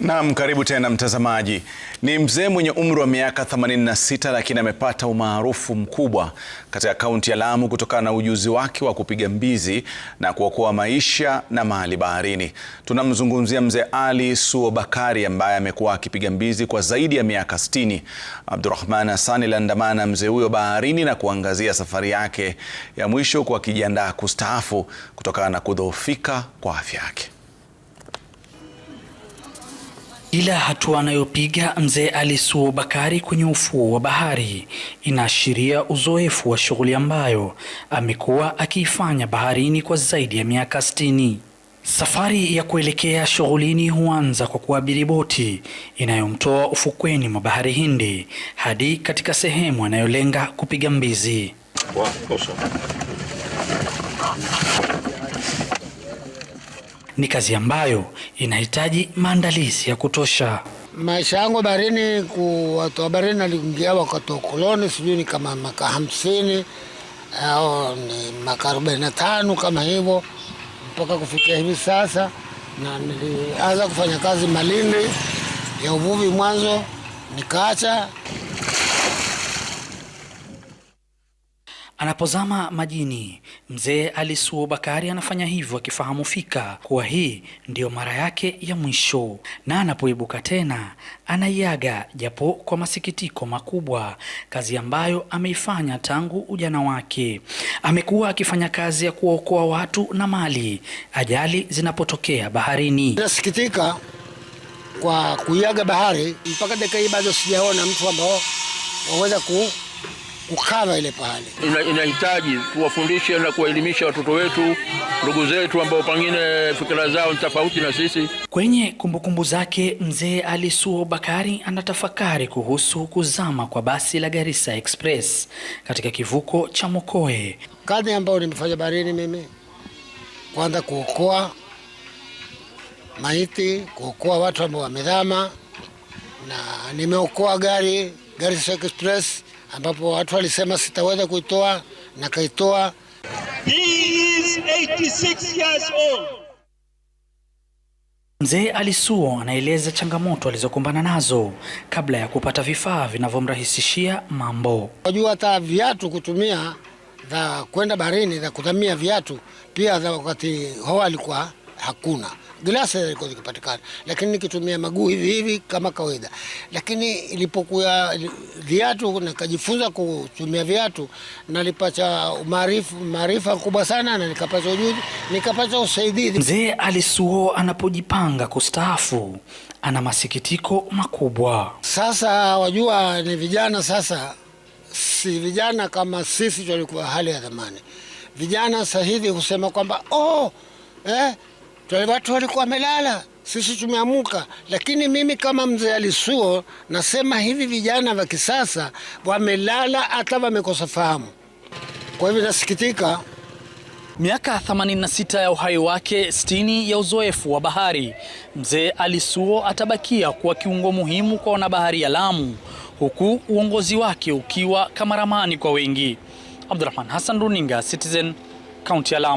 Naam, karibu tena mtazamaji. Ni mzee mwenye umri wa miaka 86 lakini amepata umaarufu mkubwa katika kaunti ya Lamu kutokana na ujuzi wake wa kupiga mbizi na kuokoa maisha na mali baharini. Tunamzungumzia mzee Ali Suo Bakari ambaye amekuwa akipiga mbizi kwa zaidi ya miaka 60. Abdurrahman Hassan aliandamana mzee huyo baharini na kuangazia safari yake ya mwisho kwa kijiandaa kustaafu kutokana na kudhoofika kwa afya yake. Ila hatua anayopiga mzee Ali Suo Bakari kwenye ufuo wa bahari inaashiria uzoefu wa shughuli ambayo amekuwa akiifanya baharini kwa zaidi ya miaka sitini. Safari ya kuelekea shughulini huanza kwa kuabiri boti inayomtoa ufukweni mwa bahari Hindi hadi katika sehemu anayolenga kupiga mbizi. Wow, ni kazi ambayo inahitaji maandalizi ya kutosha. Maisha yangu barini, ku watu wa barini aliingia wakati wa koloni, sijui ni kama maka hamsini au ni maka arobaini na tano kama hivyo, mpaka kufikia hivi sasa. Na nilianza kufanya kazi Malindi ya uvuvi mwanzo, nikaacha Anapozama majini, mzee alisuo Bakari anafanya hivyo akifahamu fika kuwa hii ndiyo mara yake ya mwisho, na anapoibuka tena anaiaga, japo kwa masikitiko makubwa, kazi ambayo ameifanya tangu ujana wake. Amekuwa akifanya kazi ya kuwaokoa watu na mali ajali zinapotokea baharini. Nasikitika kwa kuiaga bahari, mpaka dakika hii bado sijaona mtu ambao waweza ku kukava ile pahali. Inahitaji kuwafundisha na kuwaelimisha watoto wetu, ndugu zetu ambao pengine fikira zao ni tofauti na sisi. Kwenye kumbukumbu kumbu zake mzee Ali Suo Bakari anatafakari kuhusu kuzama kwa basi la Garissa Express katika kivuko cha Mokoe. Kazi ambayo nimefanya baharini mimi, kwanza kuokoa maiti, kuokoa watu ambao wamezama, na nimeokoa gari Garissa Express ambapo watu walisema sitaweza kuitoa na kaitoa. Mzee alisuo anaeleza changamoto alizokumbana nazo kabla ya kupata vifaa vinavyomrahisishia mambo. Unajua, hata viatu kutumia za kwenda baharini za kudhamia viatu pia za wakati hoa alikuwa hakuna glasi ilikuwa zikipatikana, lakini nikitumia maguu hivi hivi kama kawaida. Lakini ilipokuwa viatu nikajifunza kutumia viatu, nalipata maarifa kubwa sana na nikapata ujuzi, nikapata usaidizi. Mzee Alisuo anapojipanga kustaafu ana masikitiko makubwa. Sasa wajua, ni vijana sasa, si vijana kama sisi tulikuwa hali ya zamani. Vijana sasa hivi husema kwamba oh, eh, watu walikuwa wamelala, sisi tumeamuka. Lakini mimi kama mzee Alisuo nasema hivi vijana wa kisasa wamelala, hata wamekosa fahamu. Kwa hivyo nasikitika. Miaka 86 ya uhai wake, stini ya uzoefu wa bahari, mzee Alisuo atabakia kuwa kiungo muhimu kwa wanabahari ya Lamu, huku uongozi wake ukiwa kamaramani kwa wengi. Abdurrahman Hassan, runinga Citizen, kaunti ya Lamu.